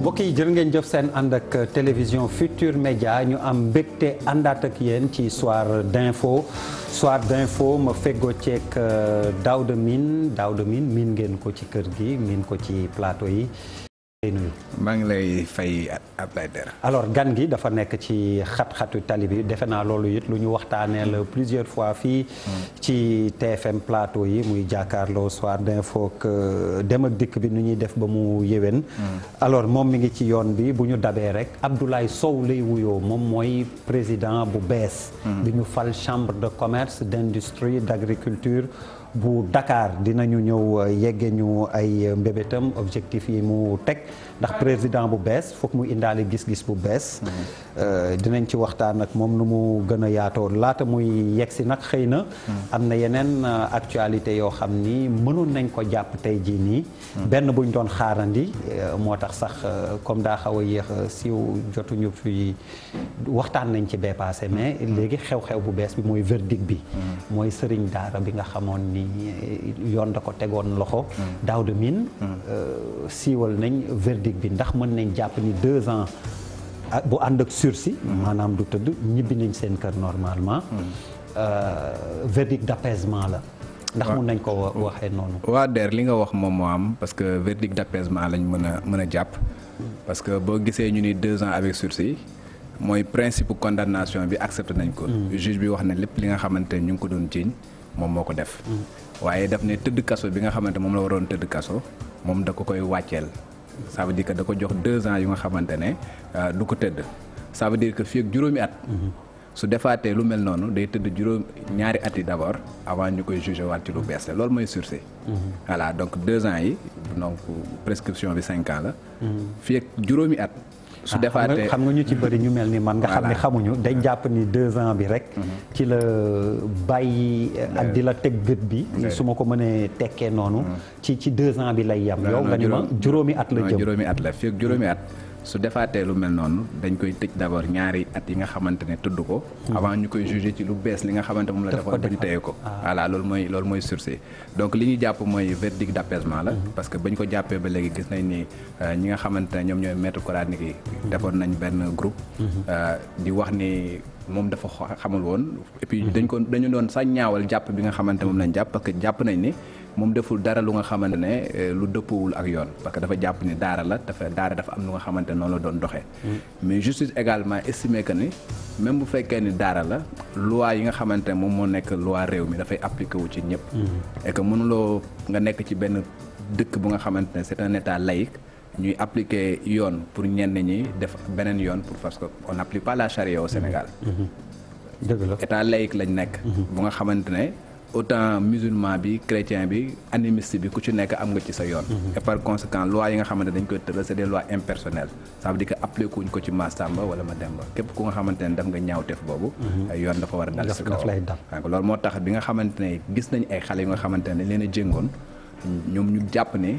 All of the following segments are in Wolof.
mbokk yi jërë ngeen jëf seen ànd ak télévision Futur Média ñu am mbégte àndaat ak yéen ci soir d'info soir d'info ma feggoo ceek euh, Daouda Mine Daouda Mine miin ngeen ko ci kër gi miin ko ci plateau yi maa ngi lay fay Abdoulaye Der alors gan gi dafa nekk ci xat-xatu tali bi defe naa loolu it lu ñu waxtaanee la plusieurs fois fii ci TFM plateau yi muy jàkkaarloo soir d'info que euh, dem ak dikk bi nu ñuy def ba mu yéwén mm. alors moom mi ngi ci yoon bi bu ñu dabee rek Abdoulaye Sow lay wuyoo moom mooy président bu bees bi mm. ñu fal chambre de commerce d'industrie d'agriculture bu Dakar dinañu ñëw uh, yegge ñu ay uh, mbébétam objectif yi mu teg ndax président bu bees foog mu indaale gis-gis bu bees. Euh, dinañ ci waxtaan ak moom nu mu gën a yaatoo laata muy yegsi nag xëy na. am na yeneen euh, actualité yoo xam ni mënoon nañ ko jàpp tey jii nii. benn buñ doon xaarandi euh, moo tax sax comme daa xaw a yéex siiw jotuñu fi waxtaan nañ ci bee paase mais léegi xew-xew bu bees bi mooy verdict bi. mooy sëriñ daara bi nga xamoon ni yoon da ko tegoon loxo. Mm. daaw mm. siiwal nañ politique bi ndax mën nañ jàpp ni deux ans bu ànd ak sursis maanaam du tëdd ñibbi nañ seen kër normalement hmm. euh, verdict d'apaisement la ndax mun nañ ko waxee noonu waa DER li nga wax moom moo am parce que verdict d'apaisement lañ mën a mën a jàpp parce que boo gisee ñu ni deux ans avec sursis mooy principe condamnation bi accepté nañ ko hmm. juge bi wax na lépp li nga xamante ñu ngi ko doon jiiñ moom moo ko def hmm. waaye daf ne tëdd kaso bi nga xamante moom la waroon tëdd kaso ça veut dire que da ko jox deux ans yu nga xamante euh, du ko tëdd ça veut dire que fii ak juróomi at mm-hmm. su defaatee lu mel noonu day tëdd juróom ñaari at yi d' abord avant ñu koy jugé waat ci lu bees la loolu mooy sursis mm-hmm. voilà donc deux ans yi donc prescription bi cinq ans la mm-hmm. fii ak juróomi at su defaatee xam nga ñu ci bëri ñu mel ni man nga xam ne xamuñu day jàpp ni deux ans bi rek mhm. ci la bàyyi ak di la teg gët bi su ma ko mënee tekkee noonu mhm. ci ci deux ans bi lay yam yow nga ni ma juróomi at la jëm juróomi at la fii juróomi at su defaatee lu mel noonu dañ koy tëj d'abord ñaari at yi nga xamante ne tudd ko. Mhm. avant ñu koy jugé ci lu bees li nga xamante moom la defoon ba ñu ko. Ah. voilà loolu mooy loolu mooy sursis donc li ñu jàpp mooy verdict d'apaisement la. Mhm. parce que bañ ko jàppee ba léegi gis nañ ni euh, ñi nga xamante ne ñoom ñooy maître coranique yi. Mhm. defoon nañ benn groupe. Euh, di wax ni. moom dafa xamul woon et puis dañ ko dañu doon sàññaawal jàpp bi nga xamante moom lañ jàpp parce jàpp nañ ni moom deful dara lu nga xamante ne euh, lu dëppoowul ak yoon parce que dafa jàpp ni daara la dafa daara dafa am lu nga xamante noonu la doon doxee mm. mais justice également estimé que ni même bu fekkee ni daara la loi yi nga xamante ne moom moo nekk loi réew mi dafay appliqué wu ci ñëpp mm. et que mënuloo nga nekk ci benn dëkk bu nga xamante ne c'est un état laïque ñuy appliquer yoon pour ñenn ñi def beneen yoon pour parce que on n'applique pas la charia au Sénégal mm-hmm. Mm-hmm. dëgg mm-hmm. xamante ne autant musulman bi chrétien bi animiste bi ku ci nekk am nga ci sa yoon. Mhm. et par conséquent loi yi nga xamante dañ koy tëral c'est des lois impersonnelles ça veut dire que appelé kuñ ko ci ma Samba wala ma Demba képp ku nga xamante ne daf nga ñaawteef boobu. Mhm. yoon dafa war a dal si kaw donc loolu moo tax bi nga xamante ne gis nañ ay xale yu nga xamante ne leen a jéngoon. ñoom ñu jàpp ne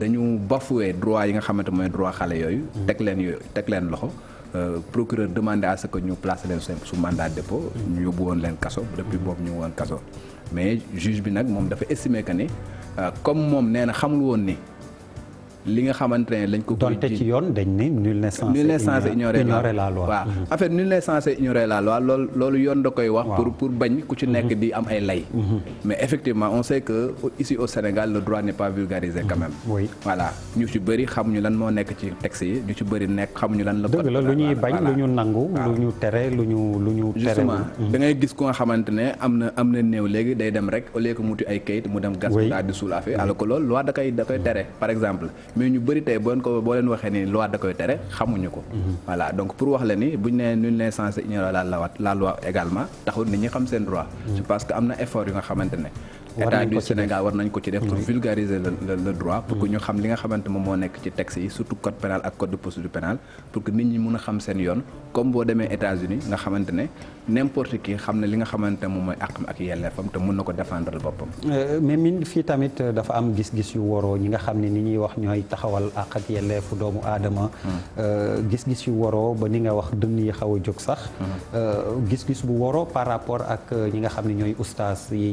dañu bafoué droit yi nga xamante mooy droit xale yooyu. Mhm. teg leen yooyu teg leen loxo. Euh, procureur demandé à ce ñu placé leen su mandat de ñu yóbbu woon leen kaso. depuis boobu ñu woon kaso mais juge bi nag moom dafa estimé que ni euh, comme moom nee na xamul woon ni. li nga xamante ne lañ ko. koy donte ci yoon dañ ne nul n'est censé. nul n'est censé ignorer la loi waaw mm-hmm. en fait nul n'est loolu yoon da koy wax. pour bañ ku ci nekk mm-hmm. di am ay lay. Mm-hmm. mais effectivement on sait que ici au Sénégal le droit n'est pas vulgarisé quand même. ñu ci bëri xamuñu lan moo nekk ci texte yi ñu ci bëri nekk xamuñu lan la. dëgg la lu ñuy bañ lu ñu nangu. lu ñu tere lu ñu lu ñu. tere da ngay gis ku nga xamante ne am na am na néew léegi day dem rek au lieu ay kayit mu dem gas. daal di suul affaire alors que da koy tere par exemple mais ñu bëri tey boo ko boo leen waxee ni loi da koy tere xamuñu ko. Mhm. voilà donc pour wax la ni buñ nee nul n'est censé ignorer la loi la loi également taxul nit ñi xam seen droit. Mhm. je que am na effort yu nga xamante ne. état du Sénégal war nañ ko ci def pour mm-hmm. vulgariser le droit pour que mm-hmm. ñu xam li nga xamante moom moo nekk ci texte yi surtout code pénal ak code de procédure pénale pour que nit ñi mun a xam seen yoon comme boo demee États-Unis nga xamante ne n'importe xam ne li nga xamante moom mooy àqam ak yelleefam te mun na ko défendre boppam euh, mais min fii tamit euh, dafa am gis-gis yu waroo ñi nga xam ne ni ñuy wax ñooy taxawal àq ak yelleefu doomu aadama mm-hmm. euh, gis-gis yu waroo ba ni nga wax dënn yi xaw a jóg sax bu waroo par rapport ak ñi nga xam ne ñooy ustaas yi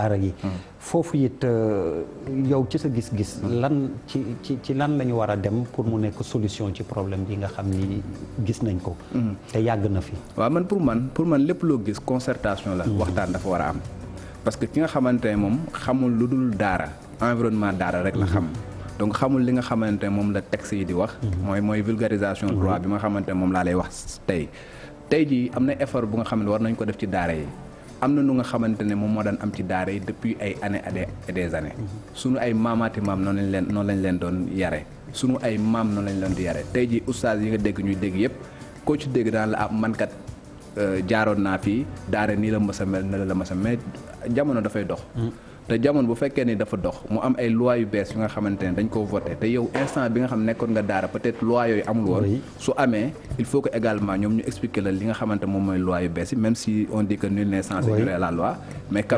daara yi. Hmm. foofu it euh, yow ci sa gis-gis. Hmm. lan ci ci ci lan la ñu war a dem pour mu nekk solution ci problème bi nga xam ni gis nañ ko. Hmm. te yàgg na fi. waaw man pour man pour man lépp loo gis concertation la. waxtaan dafa war a am. parce que ki nga xamante ne moom xamul lu dul daara environnement daara rek la xam. donc xamul li nga xamante ne moom la texte yi di wax. mooy mooy vulgarisation droit bi nga xamante ne moom laa lay wax tey. tey jii am na effort bu nga xam war nañ ko def ci daara yi. am na nu nga xamante ne moom moo daan am ci daara yi depuis ay années et des années mhm. sunu ay maamaati maam noo lañ leen noonu lañ leen doon yare sunu ay maam noo lañ leen di yare tey ji oustaz yi nga dégg ñuy dégg yëpp koo ci dégg daan la ab ah, mankat euh, jaaroon naa fi daare nii la mës mel ne la la mës mel jamono dafay dox mhm. te jamono bu fekkee ni dafa dox mu am ay loi yu bees yu nga xamante ne dañ koo voté te yow instant bi nga xam nekkoon nga daara peut-être loi yooyu amul woon su amee il faut que également ñoom ñu expliquer la li nga xamante moom mooy loi yu bees yi même si on dit que nul n'est censé ignorer la loi mais rek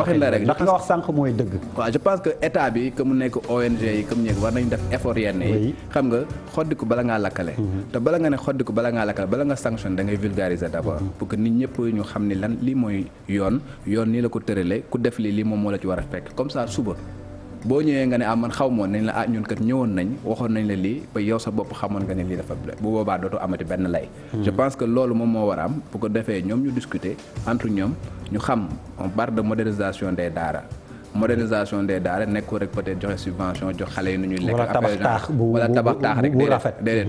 waxin la wax sànq mooy dëgg waaw je que état bi que mu nekk ONG yi comme ñeeg war nañ def effort yenn yi xam nga xoddiku bala ngaa lakkale mhm. te bala nga ne xoddiku bala ngaa lakkale bala nga sanction da ngay vulgariser d'abord mhm. pour que nit ñëpp ñu xam ni lan li mooy yoon tëralee ku def lii lii moom moo la ci war a fekk comme ça suba boo ñëwee nga ne ah man xaw moon nañ la ah ñun kat ñëwoon nañ waxoon nañ la lii ba yow sa bopp xamoon nga ne lii dafa bu boobaa dootoo amati benn lay. Hmm. je pense que loolu moom moo war a am bu ko defee ñoom ñu discuter entre ñoom ñu xam on parle de modernisation des daara. modernisation des daara nekkul rek peut-être joxe subvention jox xale yi nu ñuy lekk. wala tabax taax bu wala tabax taax rek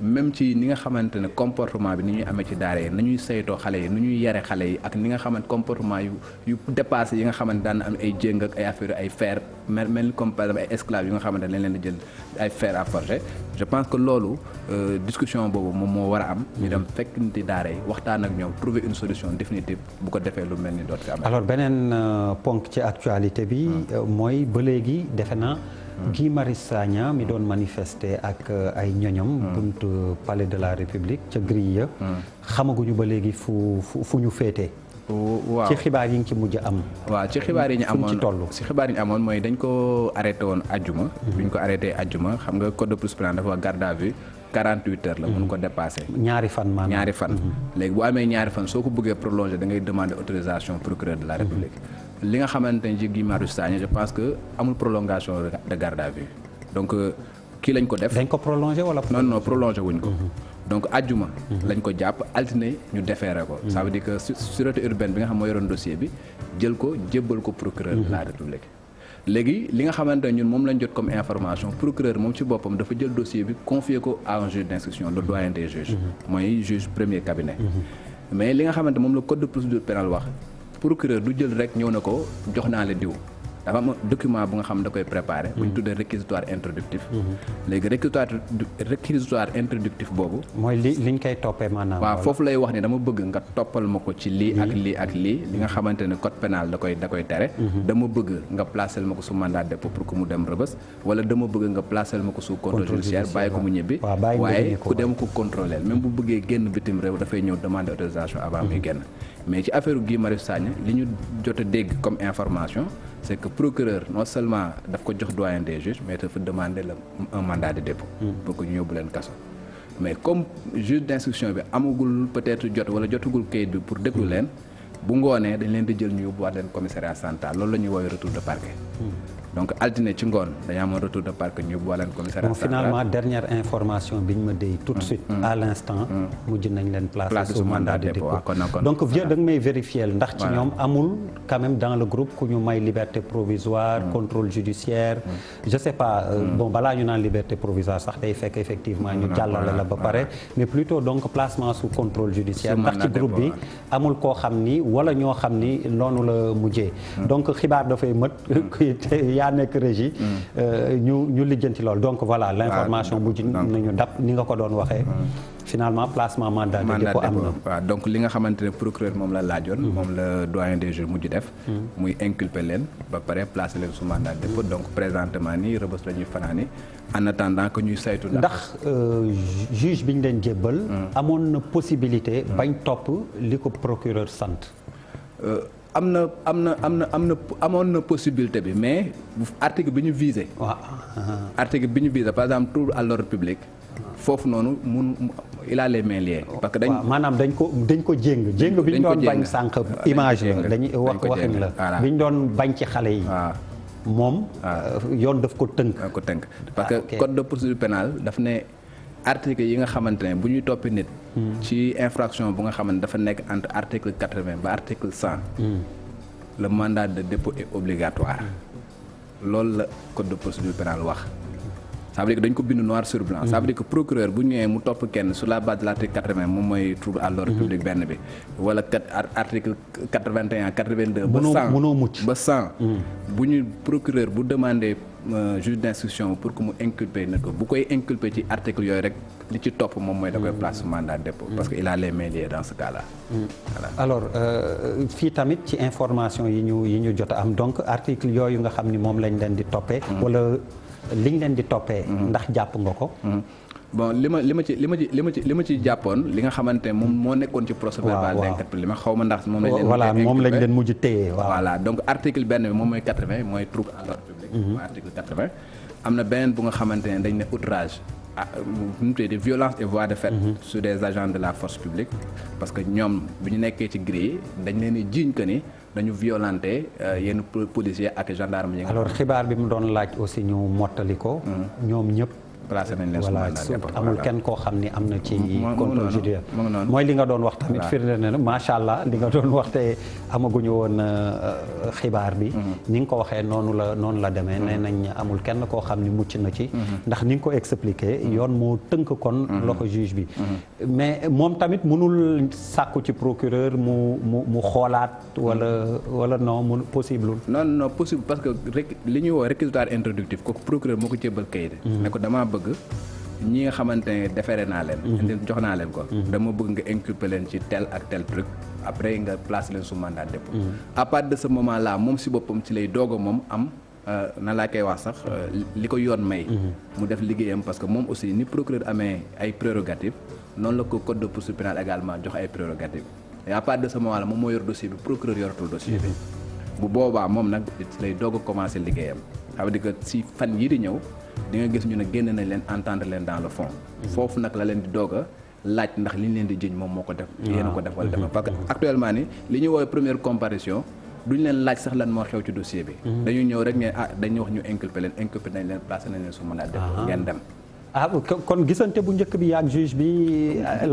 même ci ni nga xamante ne comportement bi ni ñuy amee ci daara yi ni ñuy saytoo xale yi ni ñuy yare xale yi ak ni nga xamante comportement yu yu dépassé yi nga xamante daan am ay jéng ay affaire ay fer mel mel ni comme par exemple yu nga xamante ne lañ leen di jël ay à forger je pense que loolu euh, discussion boobu moom moo war a am. ñu dem fekkante daara yi waxtaan ak ñoom trouver une solution définitive bu ko defee lu mel ni doot fi am. alors beneen euh, ponk ci actualité bi. Hmm. Euh, mooy ba léegi defe na Guy Marius Sagna mi doon manifester ak euh, ay ñoñom hmm. buntu palais de la république ca grille ya hmm. xamaguñu ba léegi fu fu ñu féete waaw ci xibaar yi nga ci mujj am. waaw ci xibaar yi ñu amoon ci toll. ci xibaar yi ñu amoon mooy dañ ko arrêté woon ajjuma. Hmm. bi ñu ko arrêté ajjuma xam nga code de procédure pénale dafa wax garde à vue la. mun ko dépassé. ñaari fan maanaam ñaari fan. léegi boo amee ñaari fan soo ko bëggee prolongé da ngay demander autorisation procureur de la r li nga xamante ni ci Guy Marius Sagna je pense que amul prolongation de garde à donc euh, kii lañ ko def. dañ ko prolongé wala. non non wuñ ko. Mhm. donc ajjuma mhm. lañ ko jàpp altine ñu defeere ko sa veut mhm. dire que sûreté urbaine bi nga xam moo yoroon dossier bi ko jébbal ko procureur de la république léegi li nga xamante ne moom lañ jot comme information procureur moom ci boppam dafa jël dossier bi confié ko à un juge d'instruction le doyen des juges mooy juge premier cabinet mais li nga xamante moom la code de procédure pénale wax procureur du jël rek ñëw na ko jox naa leen diw dafa am document bu nga xam da koy préparé. bu ñu mhm. tuddee réquisitoire introductif. Mhm. léegi réquisitoire réquisitoire introductif boobu. mooy li liñ koy toppee maanaam. waaw foofu lay wax ne dama bëgg nga toppal ma ko ci lii ak mhm. lii ak lii li nga xamante ne code pénal da koy da koy tere. dama bëgg nga placer ma ko su mandat de dépôt pour que mu dem rëbës wala dama bëgg nga placer ma ko su contrôle judiciaire bàyyi ko mu ñibbi. waaye ku dem ko contrôler même bu bëggee génn bitim réew dafay ñëw demander autorisation avant muy génn mais ci affaire Guy jot dégg comme information. c' est que procureur non seulement daf ko jox doyen des juges mais dafa demander la un mandat de dépôt. Hmm. pour que ñu yóbbu leen kaso. mais comme juge d' bi amagul peut-être jot wala jotagul kayit bi pour déglu leen bu ngoonee dañ leen di jël ñu yóbbuwaat leen commissariat central loolu la ñuy woowee retour de parquet. Hmm. donc altine ci ngoon dañu amoon retour de parc ñu yóbbu waleen finalement dernière information bi ñu ma déy tout de mm, suite mm, à l'instant mm, mujj nañ leen placer sous mandat de dépôt donc vieux da nga may vérifier ndax ci ñoom amul euh, la ba pare mais plutôt donc placement sous contrôle judiciaire ndax ci groupe bi koo xam ni wala ñoo xam ni noonu la mujjee donc xibaar dafay mët yaa nekk régie. Mm. Euh, ñu ñu lijjanti lool donc voilà l' information bu nañu dab ni nga ko doon waxee. Mm. finalement placement mandat de dépôt am na waaw donc nga xamante ne procureur moom la laajoon. Mm. moom la doyen des juges mujj def. muy inculper leen ba pare placer leen sous mandat de dépôt donc présentement ni rëbës la ñuy fanaani en attendant que ñuy saytu. ndax euh, juge bi ñu leen jébbal. amoon na possibilité. bañ topp li ko procureur sant. Euh, am na am na am na am na amoon na possibilité bi mais article bi ñu visé. waaw article bi ñu visé par exemple tout à l'ordre public. foofu noonu mun il a les parce que dañ maanaam dañ ko dañ ko jéng jéng bi ñu doon bañ sànq image la dañu wax waxin la bi ñu doon bañ ci xale yi. moom. yoon daf ko tënk. ko tënk parce que ah, code de procédure pénale daf ne article yi nga xamante ne bu ñuy toppi nit. Hmm. ci infraction bu nga xamante dafa nekk entre article quatre vingt ba article cent. Hmm. le mandat de dépôt est obligatoire. Hmm. loolu la code de procédure pénale wax. ça veut dañ ko bind noir sur blanc. ça procureur bu ñëwee mu topp kenn su la base de l' article quatre vingt moom mooy trouble à l' benn bi. wala quatre article quatre vingt et un quatre vingt deux. ba cent ba cent. bu ñu procureur bu demandé. juge d'instruction pour que mu inculper na ko bu koy inculper ci article yooyu rek li ci topp moom mooy da koy place mandat dépôt parce que il a les mains liées dans ce alors euh, fii tamit ci information yi ñu yi ñu jot am donc article yooyu nga xam ni moom lañ leen di toppee mm-hmm. li liñ leen di toppee mm-hmm. ndax jàpp nga ko mm-hmm. li ma li ma ci li ma ci li jàppoon li nga xamante moom moo nekkoon ci procès verbal d'enquête bi li xaw ma ndax moom lañ leen voilà moom lañ leen mujj téye voilà donc article benn bi moom mooy 80 mooy trouble à Mhm. article quatre vingt am na beneen bu nga xamante ne dañ ne outrage ah euh, nu mu tuddee violence et voies de fait mhm. sur des agents de la force publique parce que ñoom bu ñu nekkee ci yi dañ leen di jiiñ que ni dañu violenté euh, yenn policiers ak gendarme yi alors xibaar bi mu doon laaj aussi ñu mottali ko mhm. ñoom ñëpp placé nañ leen voilà amul kenn koo xam ni am na ci contrôle judiciaire mooy li nga doon wax tamit firnde na macha woon euh, xibaar bi mm-hmm. ni nga ko waxee noonu la noonu la demee mm-hmm. nee nañ amul kenn koo xam ni mucc na ci mm-hmm. ndax ni nga ko expliqué yoon moo tënk kon loxo juge bi mais moom tamit mënul sàkku ci procureur mu mu mu xoolaat wala wala non mu possible non non possible parce que li ñuy woo réquisitoire introductif kooku procureur moo ko jébbal kayit ne ko dama bëgg ñi nga xamante ne defere naa leen. Mhm. indi jox naa leen ko. Mhm. dama bëgg nga inculper leen ci tel ak tel truc après nga place leen su mandat dépôt. Mhm. à partir de moom si boppam ci lay doog a euh, na laa koy wax sax euh, li yoon may. mu def liggéeyam parce que moom aussi ni procureur amee la ko code de procédure pénale également jox ay prérogatives et à part de ce moment là moom moo yor dossier bi procureur yoratul dossier bi. bu boobaa moom nag lay doog a liggéeyam. ça veut dire que fan yii di ñëw di nga gis ñu ne génn nañ leen entendre leen dans le fond. foofu nag la leen di doog a laaj ndax li ñu leen di jëñ moom moo ko def. Ah. yéen a ko def wala defal mm-hmm. parce actuellement ni li ñu woowee première comparution duñ leen laaj sax lan moo xew ci dossier bi. Mm-hmm. dañu ñëw rek ne ah dañu wax ñu inculpé leen inculpé nañ leen placé nañ leen su mandat a dépôt ah. ngeen dem. ah kon gisante bu njëkk bi yaag juge bi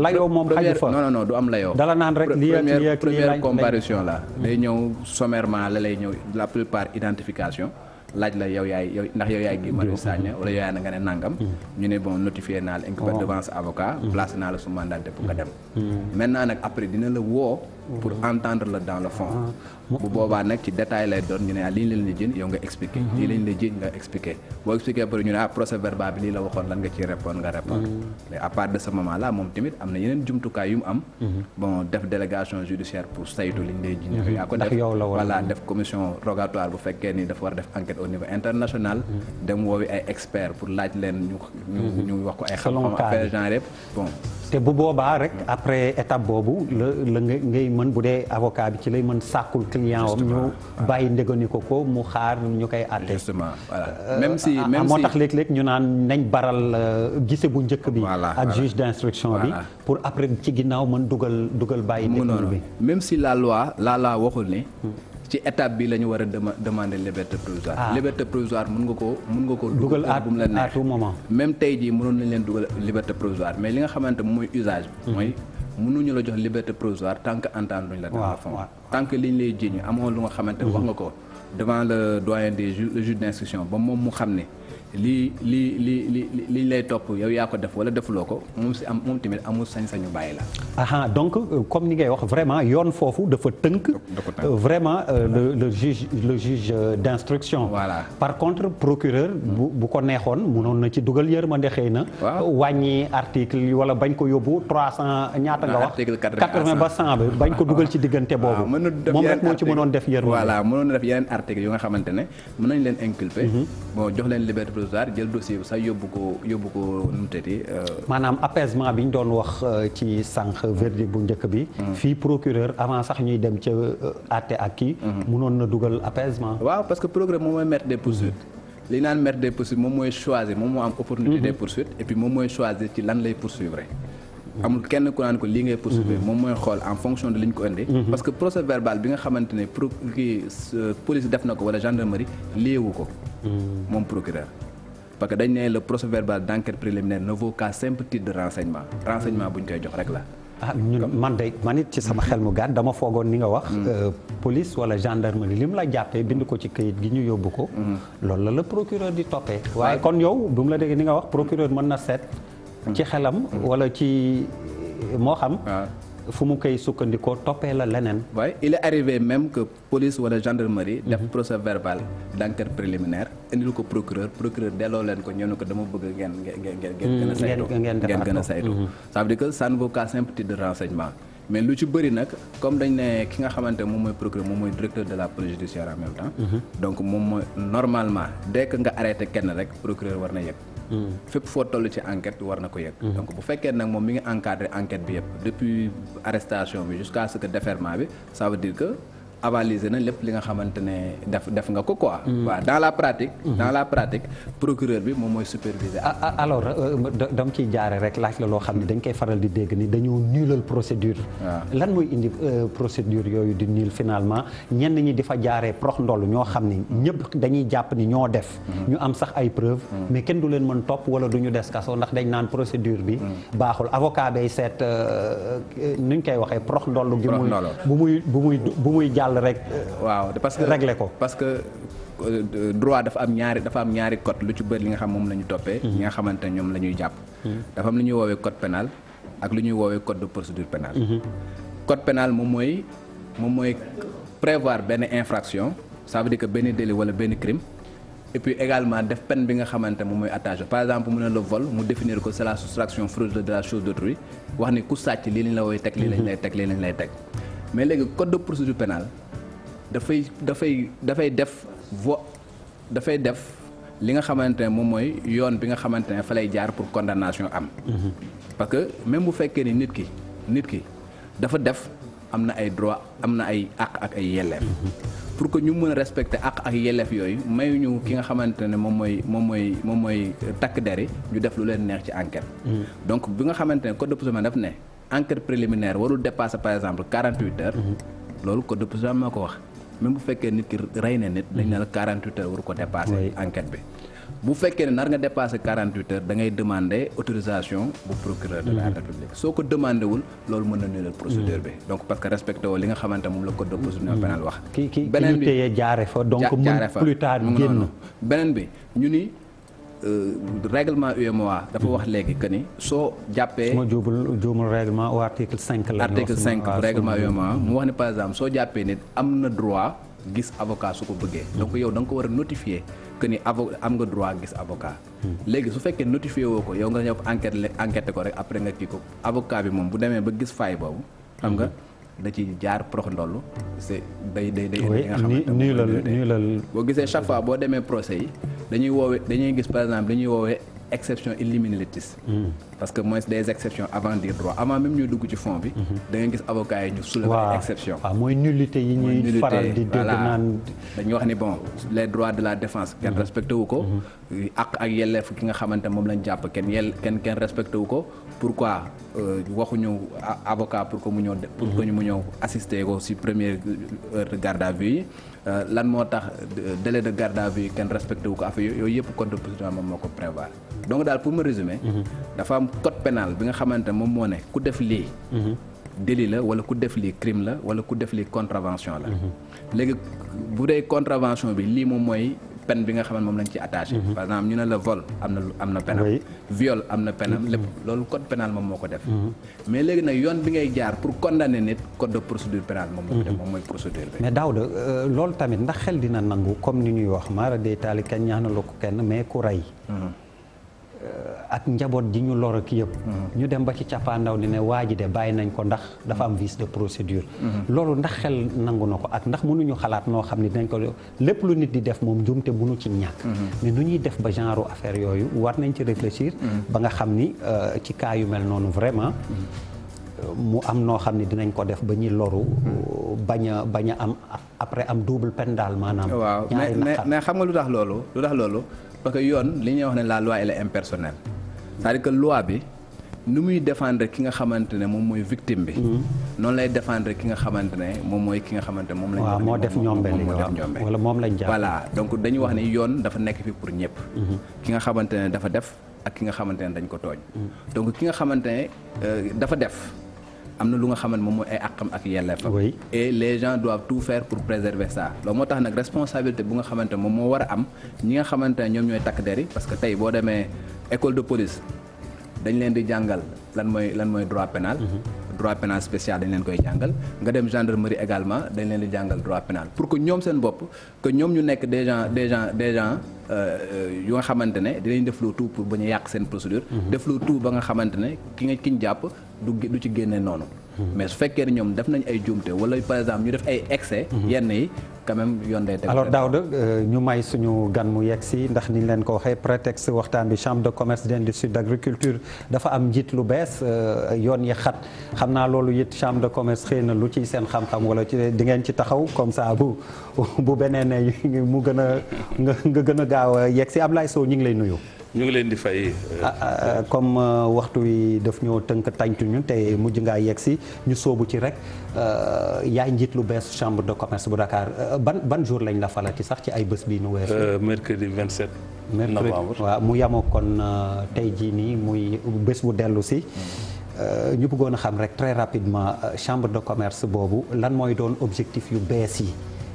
layoo moom xaju fa non non du am layoo naan rek lii ak lii ak la mm. day ñëw sommairement la lay ñëw la plupart identification laaj la yow yaay yow ndax yow yaay Guy Marius Sagna wala yow yaay na nga ne nangam. Hmm. ñu ne bon notifié naa la. incombé oh. devant avocat. Hmm. placé naa la sous mandat de dépôt nga hmm. dem. maintenant nag après dina la woo. pour entendre la dans le fond. Ah. bu boobaa nag ci détail lay doon ñu ne ah lii la jën yow nga expliqué. lii lañ la jën nga expliqué mm-hmm. boo expliqué après ñu ne ah procès verbal bi lii la waxoon lan nga ciy répondre nga répondre mm-hmm. mais à part de ce moment moom tamit am na yeneen jumtukaay yu mu am. Mm-hmm. bon def délégation judiciaire pour saytu liñ lay jën. yaa ko def voilà def commission rogatoire bu fekkee ni dafa war a def enquête au niveau international. dem mën bu dee avocat bi ci lay mën sàkkul client am ñu bàyyi ndéganiku ko mu xaar ñu koy àtte justement voilà euh, même si ah, même si moo tax léeg ñu naan nañ baral euh, gise bu njëkk bi ak juge d'instruction bi pour après ci ginnaaw mën dugal dugal bàyyi ndéganiku bi même si la loi la loi waxul ne hmm. ci étape bi la ñu war a demander liberté provisoire. Ah. liberté provisoire mun nga ko mun nga ko dugal bu mu la neex même tey jii mënoon nañ leen dugal liberté provisoire mais li nga xamante mooy usage bi hmm. mënuñu la jox liberté provisoire tant que entendre duñ la. waaw waaw tant que liñ lay jiiñ amoo lu nga xamante wax nga ko devant le doyen des ju le juge ba moom mu xam ne. lii lii lii li liñ lay topp yow yaa ko def wala defuloo ko moom si am moom tamit amul sañ-sañu bàyyi la. aha donc euh, comme ni ngay wax vraiment yoon foofu dafa tënk. Euh, vraiment euh, le le juge le juge d'instruction. voilà par contre procureur. bu bu ko neexoon mënoon na ci dugal yërmande xëy na. wàññi article yi wala bañ ko yóbbu trois cent ñaata nga ah, wax. article quatre-vingt ba cent ba bañ ko dugal ci diggante boobu. moom rek moo ci mënoon def yërmande. voilà mënoon na def yeneen article yu nga xamante ne mën nañ leen inculper. Mhm. bon jox leen liberté provisoire jël dossier bi sax yóbbu ko yóbbu euh. maanaam apaisement bi ñu doon wax euh, ci sànq verdict bu njëkk bi. Mm. fii procureur avant sax ñuy dem ca euh, àtte ak kii. mënoon mm-hmm. na dugal apaisement. waaw parce que procureur moom mooy maître des poursuites. li naan maître des poursuites moom mooy choisir moom moo am opportunité mm-hmm. des poursuites et puis moom mooy choisir ci lan lay poursuivre. amul kenn ku naan ko lii ngay poursuivre mm-hmm. moom mooy xool en fonction de li ko indi parce que procès na ko parce que dañ ne le procès verbal d' enquête préliminaire ne vaut qu'un simple titre de renseignement renseignement bu ñu koy jox rek la. Ah, man de man it ci sama xel mu gàtt dama foogoon ni nga wax. Mm. Euh, police wala gendarmerie li mu la jàppee bind ko ci kayit gi ñu yóbbu ko. Mm. loolu la la procureur di toppee. waaye kon yow bu mu la déggee ni nga wax procureur mën na seet. Mm. ci xelam wala ci euh, moo xam. fu mu koy sukkandikoo toppee la leneen. waaye il est arrivé même que police wala gendarmerie. def mm-hmm. procès verbal d' enquête préliminaire. indil ko procureur procureur delloo leen ko ñoo ne ko dama bëgg ngeen ngeen gën a mm, saytu mm-hmm. ça veut dire que ça ne simple titre de renseignement mais lu ci bëri nag comme dañ ne ki nga xamante ne moom mooy procureur moom mooy directeur de la police judiciaire en mm-hmm. donc moom mooy normalement dès que nga arrêté kenn rek procureur war na yëg mm. fépp foo toll ci enquête war na ko yëg mm-hmm. donc bu fekkee nag moom mi ngi encadré enquête bi yëpp depuis arrestation bi jusqu'à bi ça veut dire avaliser na lépp li nga xamante ne def def nga ko quoi. Mm. waaw dans la pratique. Mm-hmm. dans la pratique procureur bi moom mooy superviser. Ah, ah, alors euh, euh, dam ciy jaare rek laaj la loo xam ne dañ koy faral di dégg ni dañoo niilal procédure. lan mooy indi euh, procédure yooyu di niil finalement ñenn ñi di fa jaare prox ndoll ñoo xam ni ñëpp dañuy jàpp ni ñoo def. Mm-hmm. ñu am sax ay preuves. Mm-hmm. mais kenn du leen mën topp wala du ñu des kaso ndax dañ naan procédure bi. baaxul avocat bay seet nuñ koy waxee prox ndoll gi muy jàll rek. Euh, waaw parce que réglé ko parce que. Euh, droit dafa am ñaari am ñaari code lu ci bëri li nga xam moom la ñu toppee. Mhm. ñi nga xamante ne ñoom la ñuy jàpp. Mhm. dafa am lu ñuy woowee code pénal ak lu ñuy woowee code de procédure pénale. Mhm. code pénal moom mooy moom mooy prévoir benn infraction ça veut dire que benn délit wala benn crime et puis également def peine bi nga xamante moom mooy attaché par exemple mu ne la vol mu définir ko c'est la soustraction frauduleuse de la chose d'autrui wax ni ku sàcc lii lañ la woy teg lii lay teg lii lañ lay de procédure dafay dafay dafay def vo dafay def li nga xamante ne moom mooy yoon bi nga xamante ne fa lay jaar pour condamnation am. Mhm. parce que même bu fekkee ni nit ki nit ki dafa def am na ay droit am na ay àq ak ay yelleef. Mhm. pour que ñu mën a respecter àq ak yelleef yooyu mayuñu ki nga xamante ne moom mooy moom mooy moom mooy takk deri ñu def lu leen neex ci enquête. Mhm. donc bi nga xamante ne code de procédure daf ne enquête préliminaire warul dépasser par exemple 48 heures. loolu code ko wax. même bu fekkee nit ki rey na nit dañ ne la 48 heures waru ko dépasser enquête bi bu fekkee ne nar nga dépasser 48 heures da ngay demander autorisation bu procureur de la mhm. république soo ko demandé wul loolu mën na nulal procédure mhm. bi donc parce que respecté woo li nga xamante moom la code de procédure mhm. pénale wax. beneen bi ki ki ñu jaare fa donc. jaare plus tard génn beneen bi ñu ni. Euh, règlement UEMOA dafa wax léegi que ni soo jàppee. su ma juumul juumul règlement au article cinq la. article cinq règlement UEMOA mu wax ne par exemple soo jàppee nit am na droit gis avocat su ko bëggee. Hmm. donc yow da nga ko war a notifier que ni avo am nga droit gis avocat. Hmm. léegi su fekkee notifié woo ko yow nga ñëw enquête enquête ko rek après nga kii ko avocat bi moom bu demee ba gis faay boobu xam nga. Hmm. da ciy jaar prox ndollu c'est day day day. nii la nii la boo gisee chaque fois boo demee procès yi dañuy woowe dañuy gis par exemple dañuy woowee exception illiminalitis parce que mooy des exceptions avant dire droit avant même ñuy dugg ci fond bi. Mhm. da nga gis avocat yi ñu soulever ay exceptions. waaw mooy nullité yi ñuy faral di dégg naan. dañuy wax ni bon les droits de la défense. kenn mhm. respecté wu ko. Mhm. ak ak yelleef ki nga xamante moom lañ jàpp kenn yell kenn kenn respecté wu ko pourquoi euh, waxuñu avocat pour que mu ñëw. pour que mu ñëw assister ko si première heure de garde à vue yi. Euh, lan moo tax euh, délai de garde à vue yi kenn respecté wu ko affaire yooyu yëpp constitution moom moo ko prévoir code pénal bi nga xamante moom moo ne ku def lii mhm. délit la wala ku def lii crime la wala ku def lii contravention la mhm. léegi bu dee contravention bi lii moom mooy pen bi nga xamante moom lañ ci attaché mhm. par exemple ñu ne la vol am na am na penam viol am na penam lépp loolu code pénal moom moo ko def mais léegi nag yoon bi ngay jaar pour condamner nit code de procédure pénale moom moo ko def moom mooy procédure bi mais Daouda euh, loolu tamit ndax xel dina nangu comme ni ñuy wax maara day taali kañ ñaana la ko kenn mais ku rey ak njaboot ji ñu lor ki yëpp. Mm-hmm. ñu dem ba ci cappaandaw ni ne waa ji de bàyyi nañ ko ndax dafa am vice de procédure. Mm-hmm. loolu ndax xel nangu na ko ak ndax mënuñu xalaat noo xam ne dinañ ko lépp lu nit di def moom njuumte mënu ci ñàkk. Mm-hmm. mais nu ñuy def ba genre affaire yooyu war nañ ci réfléchir. ba nga xam ni euh, ci cas yu mel noonu vraiment. mu am noo xam ne dinañ ko def ba ñuy loru. bañ a bañ a am après am double peine daal maanaam. waaw am mais xam nga lu tax loolu lu tax loolu. parce que yoon li ñuy wax ne la loi elle est impersonnelle c'est-à-dire que bi nu muy defander ki nga xamante ne moom mooy victim bi. Mm-hmm. noonu lay défendre ki nga xamante ne moom mooy ki nga xamante ne moom lañ. waaw moo def ñoom benn waaw wala moom lañ jàpp voilà donc dañu wax ni mm-hmm. yoon dafa nekk fi pour ñëpp. Mm-hmm. ki nga xamante ne dafa def ak ki nga xamante ne dañ ko tooñ. donc ki nga xamante ne euh, dafa def. am na lu nga xamante moom mooy ay àqam ak yelleefam et les gens doivent tout faire pour préserver ça loolu moo tax nag responsabilité bu nga xamante moom moo war a am ñi nga xamante ne ñoom ñooy takk der yi parce que tey boo demee école de police dañ leen di jàngal lan mooy lan mooy droit pénal mhm. droit pénal spécial dañ leen koy jàngal nga dem gendarmerie également dañ leen di jàngal droit pénal pour que ñoom seen bopp que ñoom ñu nekk des gens des gens des gens euh, yu nga xamante ne dinañ def lu tout pour ba ñu yàq seen procédure mhm. def lu ba nga xamante ne ki nga ki ñu jàpp du du ci génne noonu. Hmm. mais su fekkee ne ñoom def nañ ay juumte wala par exemple ñu def ay excès. Hmm. yenn yi quand yoon day teg alors Daouda euh, ñu may suñu gan mu yegg si ndax ni leen ko waxee prétexte waxtaan bi chambre de commerce d'industrie d'agriculture dafa am njiit lu bees euh, yoon yi xat xam naa loolu it chambre de commerce xëy na lu ci seen xam-xam wala ci di ngeen ci taxaw comme ça bu bu beneen mu gën a nga gën a gaaw a yegg ab Ablaye Sow ñu ngi lay nuyu. ñu ngi leen di fay. Euh, ah, ah, euh, comme euh, waxtu wi daf ñoo tënk tàncuñu te mujj nga yegg si ñu soobu ci rek yaay njiit lu bees chambre de commerce bu Dakar ban ban jour lañ la falati sax ci ay bés bi nu weer. mercredi 27. novembre waa mu yamoo kon tey jii nii muy bés bu dellu si. ñu bëggoon a xam rek très rapidement chambre de commerce boobu lan mooy doon objectif yu bees yi.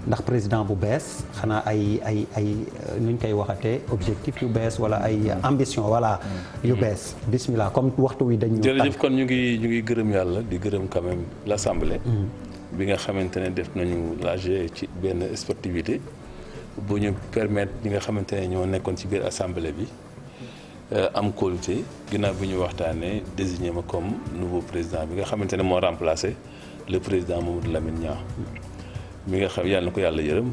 ndax président bu bees xanaa ay ay ay euh, nuñ koy waxatee objectif yu bees wala ay ambition voilà yu mm-hmm. bees bismillah comme waxtu wi dañ. jërëjëf kon ñu ngi ñu ngi gërëm yàlla di gërëm quand même l'assemblée. Mm-hmm. bi nga xamante ne def nañu lager ci benn sportivité bu ñu permettre ñi nga xamante ne ñoo nekkoon ci biir assemblée bi euh, am qualité ginnaaw bi ñu waxtaanee désigné ma comme nouveau président bi nga xamante ne moo remplacé le président Mamadou Lamine Niang mi nga xam yàlla na ko yàlla yërëm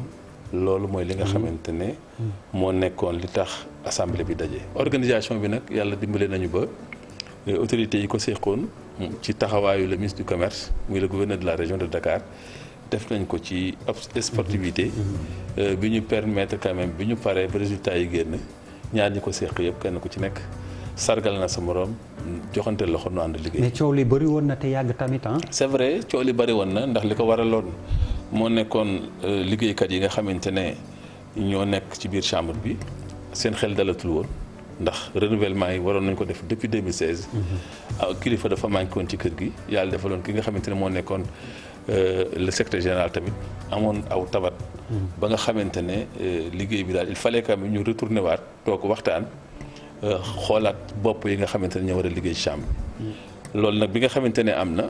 loolu mooy li nga mm-hmm. xamante ne mm-hmm. moo nekkoon li tax assemblée bi daje organisation bi nag yàlla dimbale nañu ba eh, autorités yi ko seqoon ci taxawaayu le ministre du commerce muy le gouverneur de la région de Dakar def nañ ko ci ab sportivité mm-hmm. eh, bi ñu permettre quand même bi ñu paree ba résultat yi génn ñaar ñi ko seq yëpp kenn ku ci nekk sargal na sa morom joxante loxo nu ànd liggéey. mais coow li bëri woon na te yàgg tamit ah. c'est vrai coow woon na ndax li ko waraloon moo nekkoon euh, liggéeykat yi nga xamante ne ñoo nekk ci biir chambre bi seen xel dalatul woon ndax renouvellement yi waroon nañ ko def depuis 2016. Mhm. Ah, kilifa dafa manqué woon ci kër gi yàlla defaloon ki nga xamante ne moo nekkoon euh, le secrétaire général tamit amoon aw tabat. Mhm. ba nga xamante ne euh, liggéey bi daal il fallait quand même ñu retourner waat toog waxtaan xoolaat bopp yi nga xamante ne ñoo war a liggéey chambre. Mhm. loolu nag bi nga xamante ne am na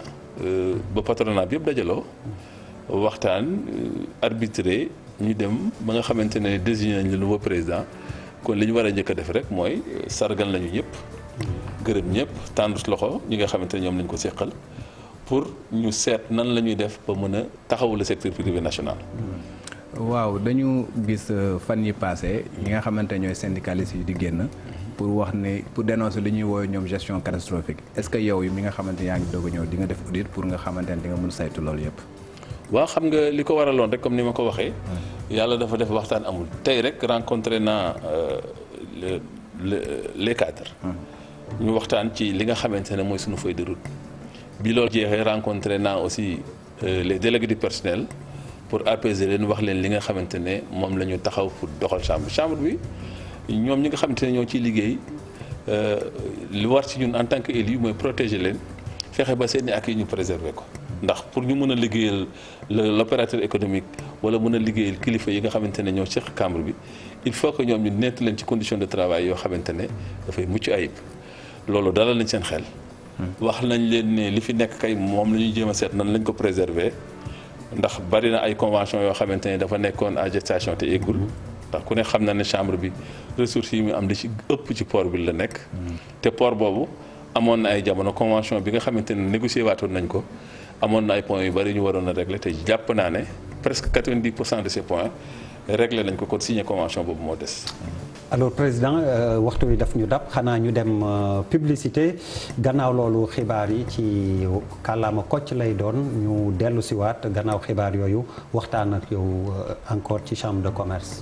ba patronat bi yëpp dajaloo. waxtaan euh, arbitré ñu dem ba nga xamante ne désigné nañ le nouveau président kon li ñu war a njëkk a def rek mooy euh, sargal nañu ñëpp. gërëm ñëpp tàndu loxo ñi nga xamante ne ñoom lañu ko seqal pour ñu seet nan la ñuy def ba mën a taxawu le secteur privé national. waaw dañu gis euh, fan yi passé ñi nga xamante ñooy syndicalistes yi di génn. pour wax ne pour dénoncer li ñuy woowee ñoom gestion catastrophique est-ce que yow yi mi nga xamante yaa ngi doog a ñëw di nga def audit pour nga xamante ne di nga mën saytu loolu yëpp. waaw xam nga li ko waraloon rek comme ni ma ko waxee. yàlla dafa def waxtaan amul tey rek rencontré na euh, le le les cadres. ñu waxtaan ci li nga xamante ne mooy suñu feuille de route. bi loolu jeexee rencontré naa aussi euh, les délégués du personnel pour apaiser leen wax leen li nga xamante ne moom la ñu taxaw pour doxal chambre chambre bi ñoom ñi nga xamante ne ñoo ciy liggéey euh, lu war ci ñun en tant que élu mooy protéger leen fexe ba seen ak yi ñu préserver ko. ndax pour ñu mën a liggéeyal l' opérateur économique wala mën a liggéeyal kilifa yi nga xamante ne ñoo seq Cambre bi il faut que ñoom ñu nett leen ci condition de travail yoo xamante ne dafay mucc ayib loolu dalal nañ seen xel. wax nañ leen ne li fi nekk kay moom la ñuy jéem a seet nan lañ ko préserver ndax bari na ay convention yoo xamante ne dafa nekkoon à te eggul. ndax ku ne xam na ne chambre bi ressources yi mu am li ci ëpp ci port bi la nekk. Mm. te port boobu amoon na ay jamono convention bi nga xamante ne négocié waatoon nañ ko. amoon na ay points yu bëri ñu waroon a régler te jàpp naa ne presque 90 pour cent de ces points réglé nañ ko kon signé convention boobu moo des. alors président euh, waxtu wi daf ñu dab xanaa ñu dem euh, publicité gannaaw loolu xibaar yi ci kàllaama kocc lay doon ñu dellu siwaat gannaaw xibaar yooyu waxtaan ak yow euh, encore ci chambre de commerce.